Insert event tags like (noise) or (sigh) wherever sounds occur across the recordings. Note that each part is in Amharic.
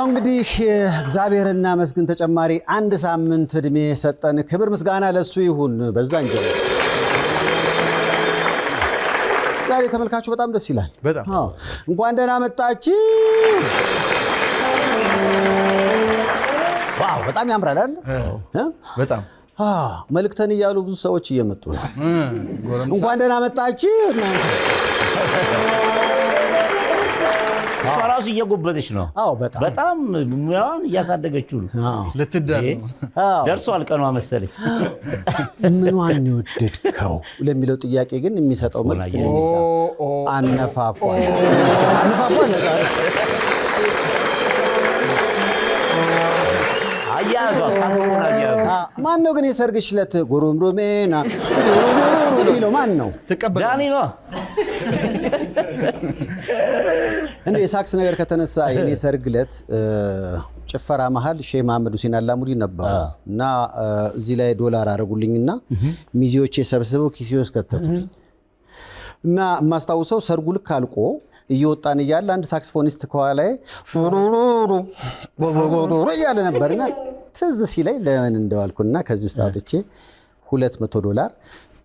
ያው እንግዲህ እግዚአብሔርና መስግን ተጨማሪ አንድ ሳምንት እድሜ ሰጠን። ክብር ምስጋና ለሱ ይሁን። በዛ እንጀ ዛሬ ተመልካቹ በጣም ደስ ይላል። እንኳን ደህና መጣች ዋው በጣም ያምራል በጣም መልክተን እያሉ ብዙ ሰዎች እየመጡ ነው። እንኳን ደህና መጣችሁ። እሷ ራሱ እየጎበዘች ነው። በጣም ሙያዋን እያሳደገችው ነው። ልትዳር ደርሷል ቀኗ መሰለኝ። ምኗን የወደድከው ለሚለው ጥያቄ ግን የሚሰጠው መልስ አነፋፏ ማን ነው ግን የሰርግሽ ዕለት ጉሩምሩሜና የሚለው ማን ነው? ዳኒ ነው። እንዴ የሳክስ ነገር ከተነሳ የኔ ሰርግ ዕለት ጭፈራ መሀል ሼህ መሐመድ ሁሴን አላሙዲ ነበሩ እና እዚህ ላይ ዶላር አደረጉልኝና ሚዜዎቼ ሰብስበው ኪሴ ውስጥ ከተቱት እና የማስታውሰው ሰርጉ ልክ አልቆ እየወጣን እያለ አንድ ሳክስፎኒስት ከኋላዬ እያለ ነበርና ትዝ ሲለኝ ለምን እንደዋልኩና ከዚህ ውስጥ አውጥቼ ሁለት መቶ ዶላር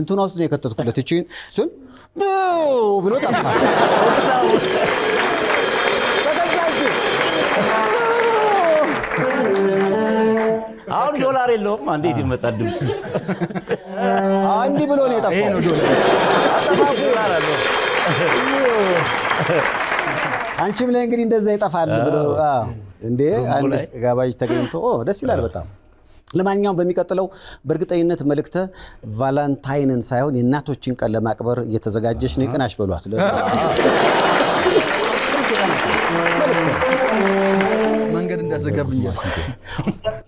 እንትና ውስጥ ነው የከተትኩለት እቺን ስል ብሎ ጠፋ። አሁን ዶላር የለውም። እንዴት ይመጣል? ድምፅ አንድ ብሎ ነው የጠፋው። አንቺም ላይ እንግዲህ እንደዛ ይጠፋል ብሎ እንዴ አንድ ጋባዥ ተገኝቶ ደስ ይላል በጣም ለማንኛውም በሚቀጥለው በእርግጠኝነት መልእክተ ቫላንታይንን ሳይሆን የእናቶችን ቀን ለማክበር እየተዘጋጀች ነው። ቅናሽ በሏት።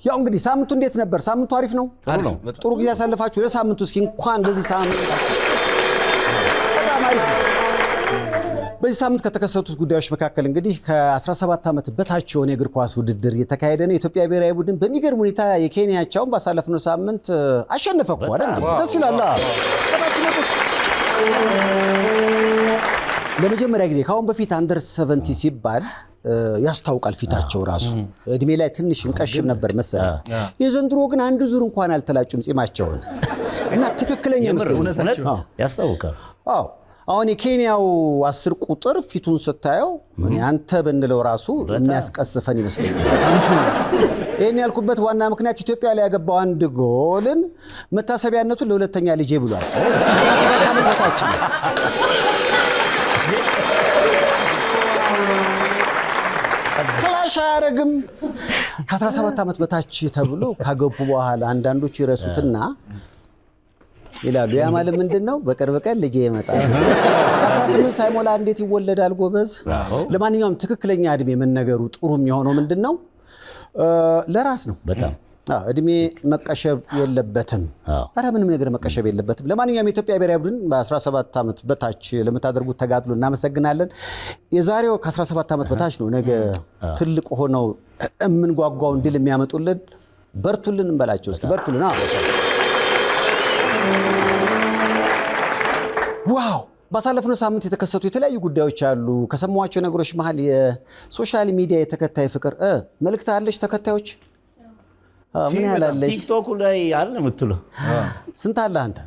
ያው እንግዲህ ሳምንቱ እንዴት ነበር? ሳምንቱ አሪፍ ነው። ጥሩ ጊዜ ያሳለፋችሁ? ለሳምንቱ እስኪ እንኳን በዚህ ሳምንት በጣም አሪፍ ነው በዚህ ሳምንት ከተከሰቱት ጉዳዮች መካከል እንግዲህ ከ17 ዓመት በታች የሆነ የእግር ኳስ ውድድር እየተካሄደ ነው። የኢትዮጵያ ብሔራዊ ቡድን በሚገርም ሁኔታ የኬንያቻውን ባሳለፍነው ሳምንት አሸነፈ እኮ አይደል? ደስ ይላል። ለመጀመሪያ ጊዜ ከአሁን በፊት አንደር ሰቨንቲ ሲባል ያስታውቃል ፊታቸው ራሱ እድሜ ላይ ትንሽ እንቀሽም ነበር መሰለ። የዘንድሮ ግን አንድ ዙር እንኳን አልተላጩም ጺማቸውን እና ትክክለኛ ያስታውቃል። አሁን የኬንያው አስር ቁጥር ፊቱን ስታየው አንተ ብንለው ራሱ የሚያስቀስፈን ይመስለኛል። ይህን ያልኩበት ዋና ምክንያት ኢትዮጵያ ላይ ያገባው አንድ ጎልን መታሰቢያነቱን ለሁለተኛ ልጄ ብሏል። ታችን ክላሽ አያደርግም። ከ17 ዓመት በታች ተብሎ ካገቡ በኋላ አንዳንዶቹ ይረሱትና ይላሉ። ያ ማለት ምንድን ነው? በቅርብ ቀን ልጄ ይመጣል። 18 ሳይሞላ እንዴት ይወለዳል? ጎበዝ። ለማንኛውም ትክክለኛ እድሜ መነገሩ ጥሩ የሚሆነው ምንድን ነው? ለራስ ነው። በጣም እድሜ መቀሸብ የለበትም። ኧረ ምንም ነገር መቀሸብ የለበትም። ለማንኛውም የኢትዮጵያ ብሔራዊ ቡድን በ17 ዓመት በታች ለምታደርጉት ተጋድሎ እናመሰግናለን። የዛሬው ከ17 ዓመት በታች ነው። ነገ ትልቅ ሆነው የምንጓጓውን ድል የሚያመጡልን በርቱልን እንበላቸው። እስኪ በርቱልን ዋው! ባሳለፍነው ሳምንት የተከሰቱ የተለያዩ ጉዳዮች አሉ። ከሰማኋቸው ነገሮች መሀል የሶሻል ሚዲያ የተከታይ ፍቅር መልእክት አለች። ተከታዮች ምን ያህል አለች? ቲክቶክ ላይ አለ የምትለው ስንት አለ አንተ?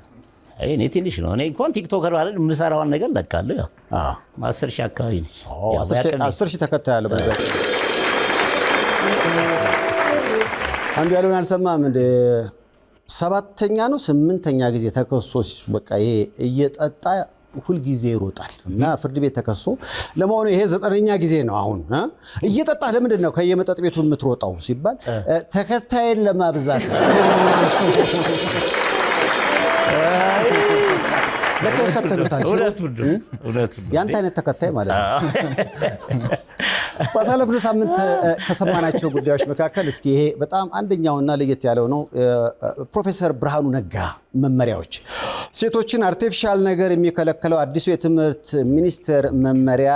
እኔ ትንሽ ነው። እኔ እንኳን ቲክቶከር አይደል የምሰራውን ነገር ለቃለሁ። አዎ አስር ሺህ አካባቢ ነች። አስር ሺህ ተከታይ አለ። በነገር አንዱ ያለውን አልሰማም እንደ ሰባተኛ ነው ስምንተኛ ጊዜ ተከሶ በቃ ይሄ እየጠጣ ሁልጊዜ ይሮጣል እና ፍርድ ቤት ተከሶ ለመሆኑ ይሄ ዘጠነኛ ጊዜ ነው። አሁን እየጠጣ ለምንድን ነው ከየመጠጥ ቤቱ የምትሮጣው ሲባል ተከታይን ለማብዛት ከተሉታል። ያንተ አይነት ተከታይ ማለት ነው። ባሳለፍነው ሳምንት ከሰማናቸው ጉዳዮች መካከል እስኪ ይሄ በጣም አንደኛውና ለየት ያለው ነው። ፕሮፌሰር ብርሃኑ ነጋ መመሪያዎች ሴቶችን አርቲፊሻል ነገር የሚከለክለው አዲሱ የትምህርት ሚኒስቴር መመሪያ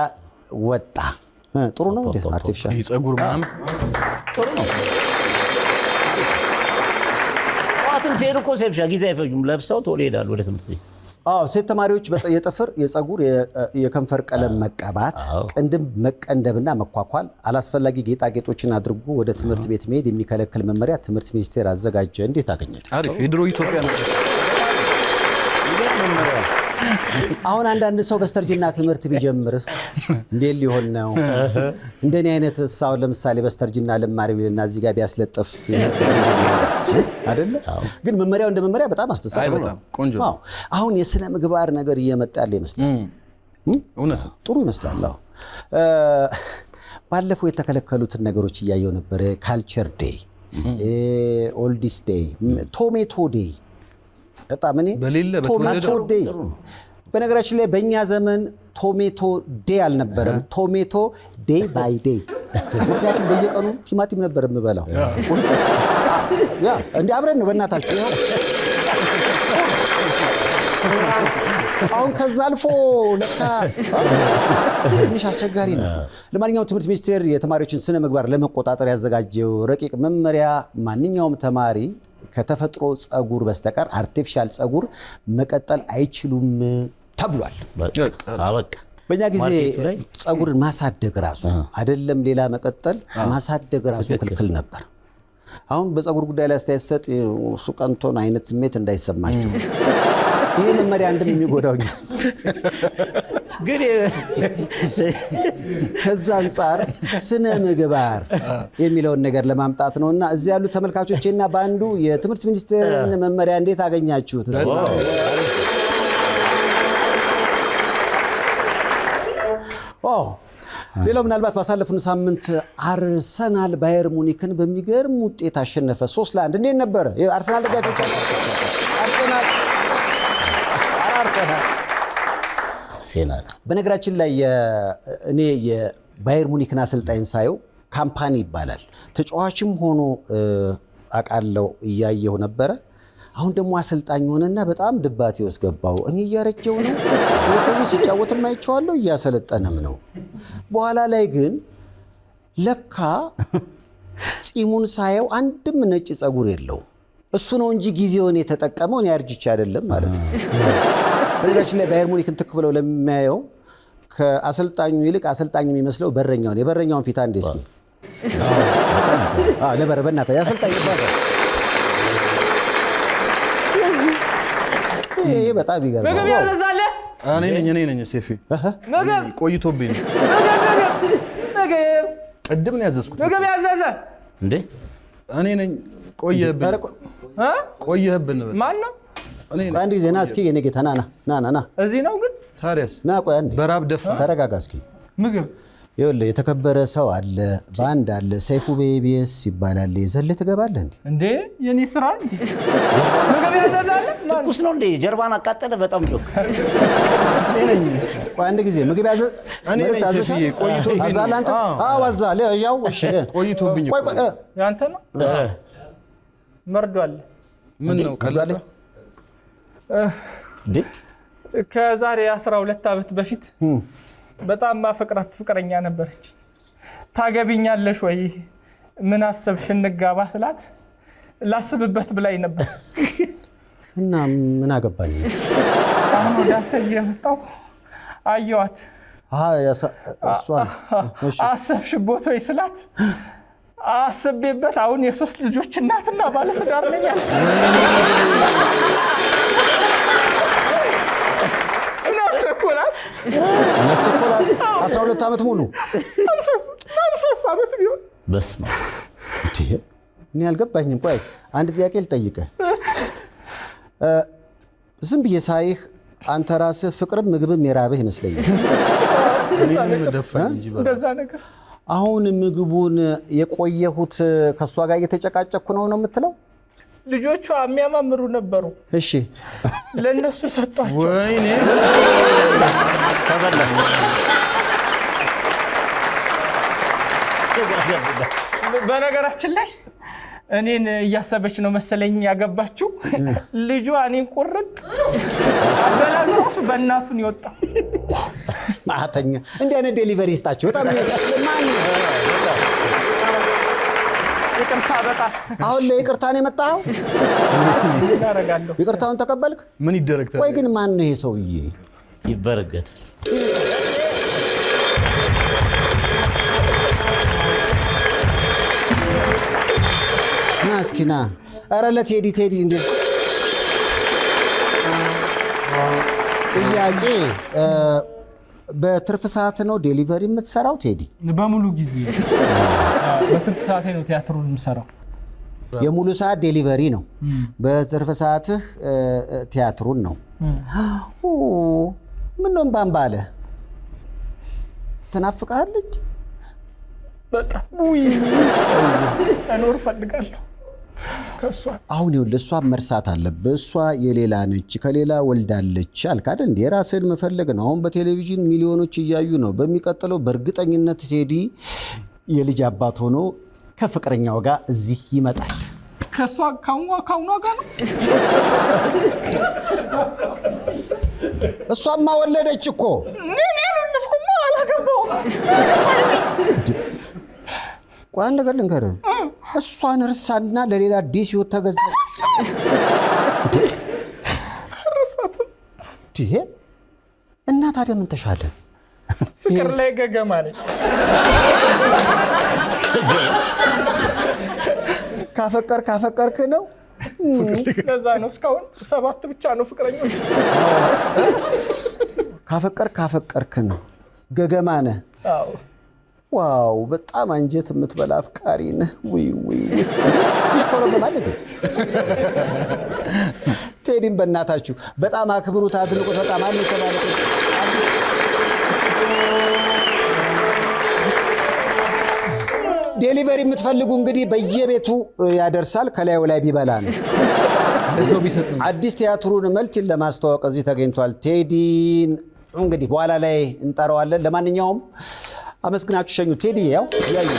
ወጣ። ጥሩ ነው። እንዴት አርቲፊሻል ጸጉር ምናምን ጥሩ ነው። ጠዋትም ሲሄዱ እኮ ሴፕሻ ጊዜ አይፈጁም፣ ለብሰው ቶሎ ይሄዳሉ ወደ ትምህርት ቤት አዎ ሴት ተማሪዎች የጥፍር፣ የፀጉር፣ የከንፈር ቀለም መቀባት፣ ቅንድም መቀንደብና መኳኳል፣ አላስፈላጊ ጌጣጌጦችን አድርጎ ወደ ትምህርት ቤት መሄድ የሚከለክል መመሪያ ትምህርት ሚኒስቴር አዘጋጀ። እንዴት አገኘ? አሪፍ የድሮ ኢትዮጵያ ነው። አሁን አንዳንድ ሰው በስተርጅና ትምህርት ቢጀምር እንዴት ሊሆን ነው? እንደኔ አይነት አሁን ለምሳሌ በስተርጅና ልማር ቢልና እዚህ ጋር ቢያስለጥፍ አይደለ? ግን መመሪያው እንደ መመሪያ በጣም አስደሳች ነው። አሁን የስነ ምግባር ነገር እየመጣ ያለ ይመስላል። ጥሩ ይመስላል። ባለፈው የተከለከሉትን ነገሮች እያየው ነበረ። ካልቸር ዴይ፣ ኦልዲስ ዴይ፣ ቶሜቶ ዴይ በጣም እኔ ቶማቶ ዴይ በነገራችን ላይ በእኛ ዘመን ቶሜቶ ዴ አልነበረም፣ ቶሜቶ ዴ ባይ ዴ። ምክንያቱም በየቀኑ ቲማቲም ነበር የምበላው። እንዲህ አብረን ነው በእናታችሁ አሁን ከዛ አልፎ ለካ ትንሽ አስቸጋሪ ነው። ለማንኛውም ትምህርት ሚኒስቴር የተማሪዎችን ስነ ምግባር ለመቆጣጠር ያዘጋጀው ረቂቅ መመሪያ ማንኛውም ተማሪ ከተፈጥሮ ጸጉር በስተቀር አርቲፊሻል ጸጉር መቀጠል አይችሉም ተብሏል። በእኛ ጊዜ ጸጉር ማሳደግ ራሱ አይደለም ሌላ መቀጠል ማሳደግ ራሱ ክልክል ነበር። አሁን በጸጉር ጉዳይ ላይ አስተያየት ሰጥ ቀንቶን አይነት ስሜት እንዳይሰማችሁ ይህ መመሪያ አንድም የሚጎዳው ግን ከዛ አንጻር ስነ ምግባር የሚለውን ነገር ለማምጣት ነው እና እዚህ ተመልካቾች ተመልካቾቼና በአንዱ የትምህርት ሚኒስቴርን መመሪያ እንዴት አገኛችሁት? ሌላው ምናልባት ባሳለፉን ሳምንት አርሰናል ባየር ሙኒክን በሚገርም ውጤት አሸነፈ፣ ሶስት ለአንድ። እንዴት ነበረ አርሰናል ደጋፊዎች? አርሰናል ሴናል። በነገራችን ላይ እኔ የባየር ሙኒክን አሰልጣኝ ሳየው ካምፓኒ ይባላል ተጫዋችም ሆኖ አቃለው እያየው ነበረ። አሁን ደግሞ አሰልጣኝ ሆነና በጣም ድባቴ ውስጥ ገባው። እኔ እያረጀው ነው፣ ሰው ሲጫወትም አይቼዋለሁ፣ እያሰለጠነም ነው። በኋላ ላይ ግን ለካ ፂሙን ሳየው አንድም ነጭ ፀጉር የለው እሱ ነው እንጂ ጊዜውን የተጠቀመው እኔ አርጅቼ አይደለም ማለት ነው። በነገራችን ላይ ባየር ሙኒክን ትክ ብለው ለሚያየው ከአሰልጣኙ ይልቅ አሰልጣኝ የሚመስለው በረኛውን የበረኛውን ፊት አንዴ እስኪ ነበረ በእናትህ የአሰልጣኝ ይባላል። ይሄ በጣም ይገርማል። ምግብ ያዘዛለህ? እኔ ነኝ እኔ ነኝ ሴፊ። ምግብ ቆይቶብኝ ነው። ምግብ ቅድም ነው ያዘዝኩት። ምግብ ያዘዘ እንዴ? እኔ ነኝ። ቆየህብን። ቆየህብን ማን ነው? አንድ ጊዜ ና እስኪ የኔ ጌታ ና ና ና እዚህ ነው ግን ታዲያስ ና ቆይ አንዴ በራብ ደፋ ተረጋጋ እስኪ ምግብ ይኸውልህ የተከበረ ሰው አለ በአንድ አለ ሰይፉ ቤቢስ ይባላል ዘልህ ትገባለህ እንዴ እንዴ የኔ ስራ ምግብ ያዘዛል ትኩስ ነው እንዴ ጀርባን አቃጠለ በጣም ጆክ አንድ ጊዜ ምግብ ያዘ እኔ ቆይቶብኝ ቆይ ቆይ ያንተ ነው መርዷል ምን ነው ቀላል ከዛሬ 12 ዓመት በፊት በጣም ማፈቅራት ፍቅረኛ ነበረች። ታገቢኛለሽ ወይ ምን አሰብሽ እንጋባ ስላት ላስብበት ብላኝ ነበር (laughs) እና ምን አገባኝ። አሁን ወደ አንተ እየመጣሁ አየዋት። አሰብሽቦት ወይ ስላት አስቤበት አሁን የሶስት ልጆች እናትና ባለትዳር ነኝ። አስራ ሁለት ዓመት ሙሉ ሀምሳ ዓመት ቢሆን በስመ አብ እኔ አልገባኝም። ቆይ አንድ ጥያቄ ልጠይቅህ። ዝም ብዬ ሳይህ አንተ ራስህ ፍቅርም ምግብም የራብህ ይመስለኛል። አሁን ምግቡን የቆየሁት ከእሷ ጋር እየተጨቃጨኩ ነው ነው የምትለው? ልጆቿ የሚያማምሩ ነበሩ። እሺ፣ ለእነሱ ሰጧቸው። በነገራችን ላይ እኔን እያሰበች ነው መሰለኝ ያገባችው። ልጇ እኔን ቁርጥ አበላልፍ በእናቱን ይወጣ ማተኛ እንዲህ አይነት ዴሊቨሪ ይስጣችሁ። አሁን ለይቅርታ ነው የመጣኸው? ይቅርታውን ተቀበልክ? ምን ይደረግ ወይ ግን ማን ነው ይሄ ሰውዬ? ይበረገድ ምስኪና። ኧረ ለቴዲ ቴዲ እንዴ! ጥያቄ በትርፍ ሰዓት ነው ዴሊቨሪ የምትሰራው? ቴዲ በሙሉ ጊዜ በትርፍ ሰዓቴ ነው ቲያትሩን የምሰራው። የሙሉ ሰዓት ዴሊቨሪ ነው፣ በትርፍ ሰዓትህ ቲያትሩን ነው። ምን ነው እምባም ባለ ትናፍቃለች። በጣም እኖር እፈልጋለሁ አሁን ይኸውልህ እሷ መርሳት አለብህ። እሷ የሌላ ነች፣ ከሌላ ወልዳለች አልክ አይደል? እንደ የራስህን መፈለግ ነው። አሁን በቴሌቪዥን ሚሊዮኖች እያዩ ነው። በሚቀጥለው በእርግጠኝነት ቴዲ የልጅ አባት ሆኖ ከፍቅረኛው ጋር እዚህ ይመጣል። ከእሷ ከአሁኗ ጋር ነው። እሷማ ወለደች እኮ። እኔ አልወለድኩም፣ አላገባሁም ቆይ አንድ ነገር ልንገር፣ እሷን እርሳና ለሌላ አዲስ ህይወት ተገዛ። እርሳትም እና ታዲያ ምን ተሻለ? ፍቅር ላይ ገገማ ነኝ። ካፈቀር ካፈቀርክ ነው። ለዛ ነው እስካሁን ሰባት ብቻ ነው ፍቅረኞች። ካፈቀር ካፈቀርክ ነው። ገገማ ነህ። ዋው በጣም አንጀት የምትበላ አፍቃሪ ነህ። ይሽኮረመማል እንዴ? ቴዲም በእናታችሁ በጣም አክብሩት፣ አድንቁት። በጣም አን ዴሊቨሪ የምትፈልጉ እንግዲህ በየቤቱ ያደርሳል። ከላዩ ላይ ቢበላ ነው። አዲስ ቲያትሩን መልቲን ለማስተዋወቅ እዚህ ተገኝቷል። ቴዲን እንግዲህ በኋላ ላይ እንጠራዋለን። ለማንኛውም አመስግናችሁ ሸኙ። ቴዲ ያው ያዩ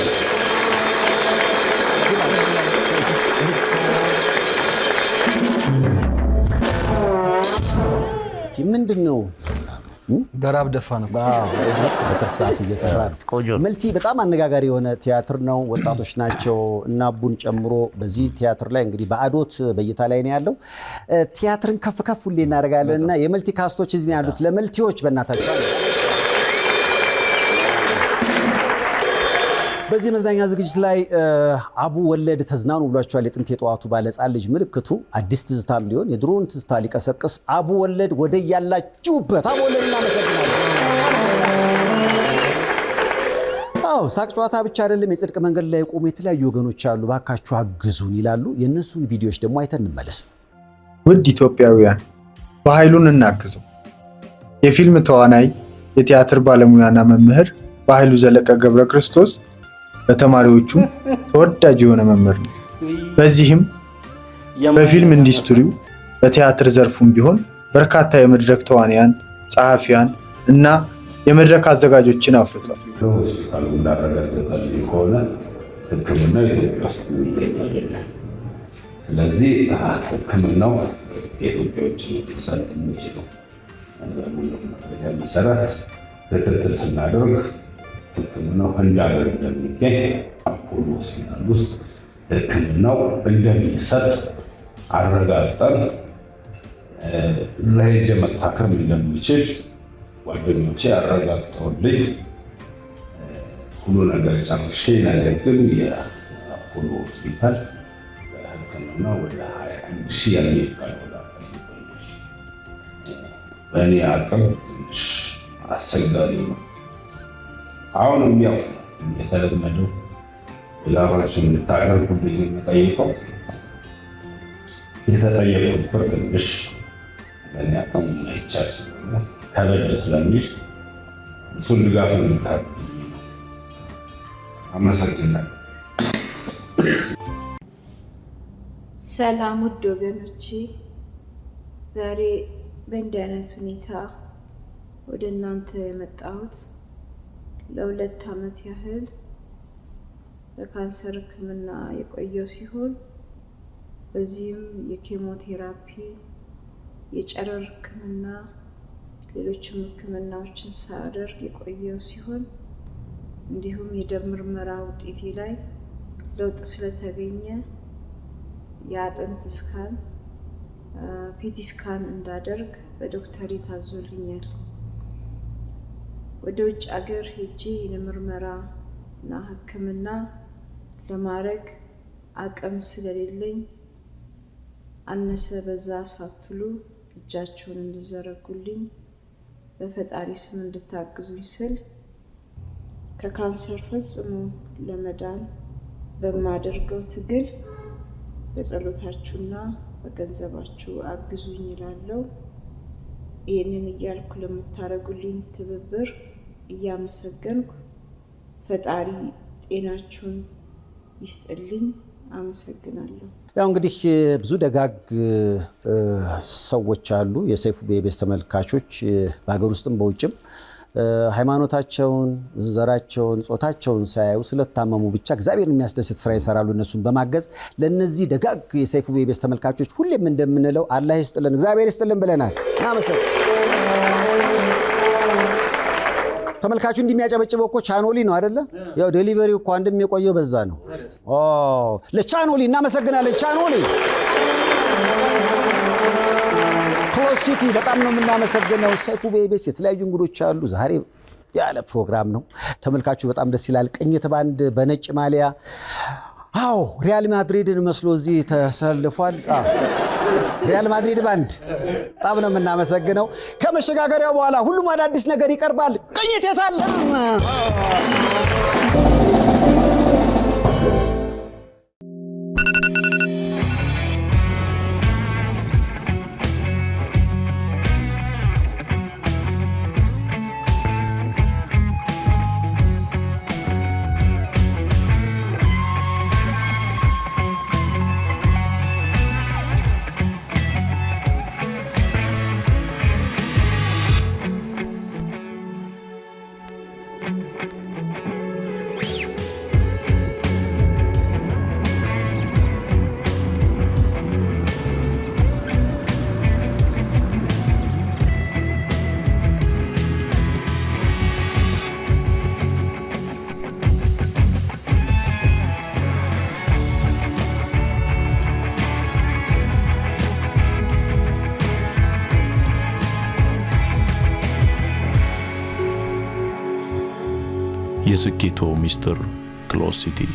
ምንድን ነው በራብ ደፋ ነው። በትርፍ ሰዓቱ እየሰራ ነው። መልቲ በጣም አነጋጋሪ የሆነ ቲያትር ነው። ወጣቶች ናቸው እና ቡን ጨምሮ በዚህ ቲያትር ላይ እንግዲህ በአዶት በእይታ ላይ ነው ያለው። ቲያትርን ከፍ ከፍ ሁሌ እናደርጋለን እና የመልቲ ካስቶች እዚህ ያሉት። ለመልቲዎች በእናታቸው በዚህ መዝናኛ ዝግጅት ላይ አቡ ወለድ ተዝናኑ ብሏቸዋል። የጥንት የጠዋቱ ባለጻ ልጅ ምልክቱ አዲስ ትዝታም ሊሆን የድሮውን ትዝታ ሊቀሰቅስ አቡ ወለድ ወደ ያላችሁበት አቡ ወለድ እናመሰግናለን። ሳቅ ጨዋታ ብቻ አይደለም። የጽድቅ መንገድ ላይ የቆሙ የተለያዩ ወገኖች አሉ። ባካችሁ አግዙን ይላሉ። የእነሱን ቪዲዮዎች ደግሞ አይተን እንመለስ። ውድ ኢትዮጵያውያን በኃይሉን እናግዘው። የፊልም ተዋናይ የቲያትር ባለሙያና መምህር በኃይሉ ዘለቀ ገብረ ክርስቶስ ለተማሪዎቹ ተወዳጅ የሆነ መምህር ነው። በዚህም በፊልም ኢንዱስትሪው በቲያትር ዘርፉም ቢሆን በርካታ የመድረክ ተዋንያን፣ ጸሐፊያን እና የመድረክ አዘጋጆችን አፍርቷል። ሆስፒታሉ እንዳረጋገጠል ከሆነ ሕክምና ኢትዮጵያ ውስጥ የሚገኝ ስለዚህ ሕክምናው የኢትዮጵያዎች ሰት የሚችለው መሰረት ክትትል ስናደርግ ህክምናው እንዳለ እንደሚገኝ አፖሎ ሆስፒታል ውስጥ ህክምናው እንደሚሰጥ አረጋግጠን እዛ ሄጄ መታከም እንደሚችል ጓደኞቼ አረጋግጠውልኝ ሁሉ ነገር ጨርሼ፣ ነገር ግን የአፖሎ ሆስፒታል ህክምና ወደ 21 ሺህ የሚባል በእኔ አቅም ትንሽ አስቸጋሪ ነው። አሁንም ያው የተለመደው ላባችን የምታቀርቡልኝ የምጠይቀው የተጠየቁት ብር ትንሽ ለእኔ አቅም ስለሆነ ከበድ ስለሚል እሱን ድጋፍ የምታ አመሰግናለሁ። ሰላም ውድ ወገኖቼ፣ ዛሬ በእንዲህ አይነት ሁኔታ ወደ እናንተ የመጣሁት ለሁለት ዓመት ያህል በካንሰር ሕክምና የቆየው ሲሆን በዚህም የኬሞቴራፒ፣ የጨረር ሕክምና ሌሎችም ሕክምናዎችን ሳደርግ የቆየው ሲሆን እንዲሁም የደም ምርመራ ውጤቴ ላይ ለውጥ ስለተገኘ የአጥንት ስካን ፒቲ ስካን እንዳደርግ በዶክተር ታዞልኛል። ወደ ውጭ ሀገር ሄጂ ለምርመራ እና ሕክምና ለማድረግ አቅም ስለሌለኝ አነሰ በዛ ሳትሉ እጃቸውን እንዲዘረጉልኝ በፈጣሪ ስም እንድታግዙኝ ስል ከካንሰር ፈጽሞ ለመዳን በማደርገው ትግል በጸሎታችሁና በገንዘባችሁ አግዙኝ ይላለው። ይህንን እያልኩ ለምታደርጉልኝ ትብብር እያመሰገንኩ ፈጣሪ ጤናችሁን ይስጥልኝ። አመሰግናለሁ። ያው እንግዲህ ብዙ ደጋግ ሰዎች አሉ፣ የሰይፉ ቤቤስ ተመልካቾች በሀገር ውስጥም በውጭም ሃይማኖታቸውን፣ ዘራቸውን፣ ጾታቸውን ሳያዩ ስለታመሙ ብቻ እግዚአብሔር የሚያስደስት ስራ ይሰራሉ። እነሱን በማገዝ ለእነዚህ ደጋግ የሰይፉ ቤቤስ ተመልካቾች ሁሌም እንደምንለው አላህ ይስጥልን፣ እግዚአብሔር ይስጥልን ብለናል። ተመልካቹ እንደሚያጨበጭበው እኮ ቻኖሊ ነው አይደለ? ያው ዴሊቨሪ እኮ አንድም የቆየው በዛ ነው። ለቻኖሊ እናመሰግናለን። ቻኖሊ ክሎዝ ሲቲ በጣም ነው የምናመሰግነው። ሰይፉ ቤቤስ የተለያዩ እንግዶች አሉ ዛሬ ያለ ፕሮግራም ነው። ተመልካቹ በጣም ደስ ይላል። ቅኝት ባንድ በነጭ ማሊያ አዎ፣ ሪያል ማድሪድን መስሎ እዚህ ተሰልፏል። ሪያል ማድሪድ ባንድ በጣም ነው የምናመሰግነው። ከመሸጋገሪያው በኋላ ሁሉም አዳዲስ ነገር ይቀርባል። ቅኝት የታለም thank you የስኬቶ ሚስጥር ክሎሲቲ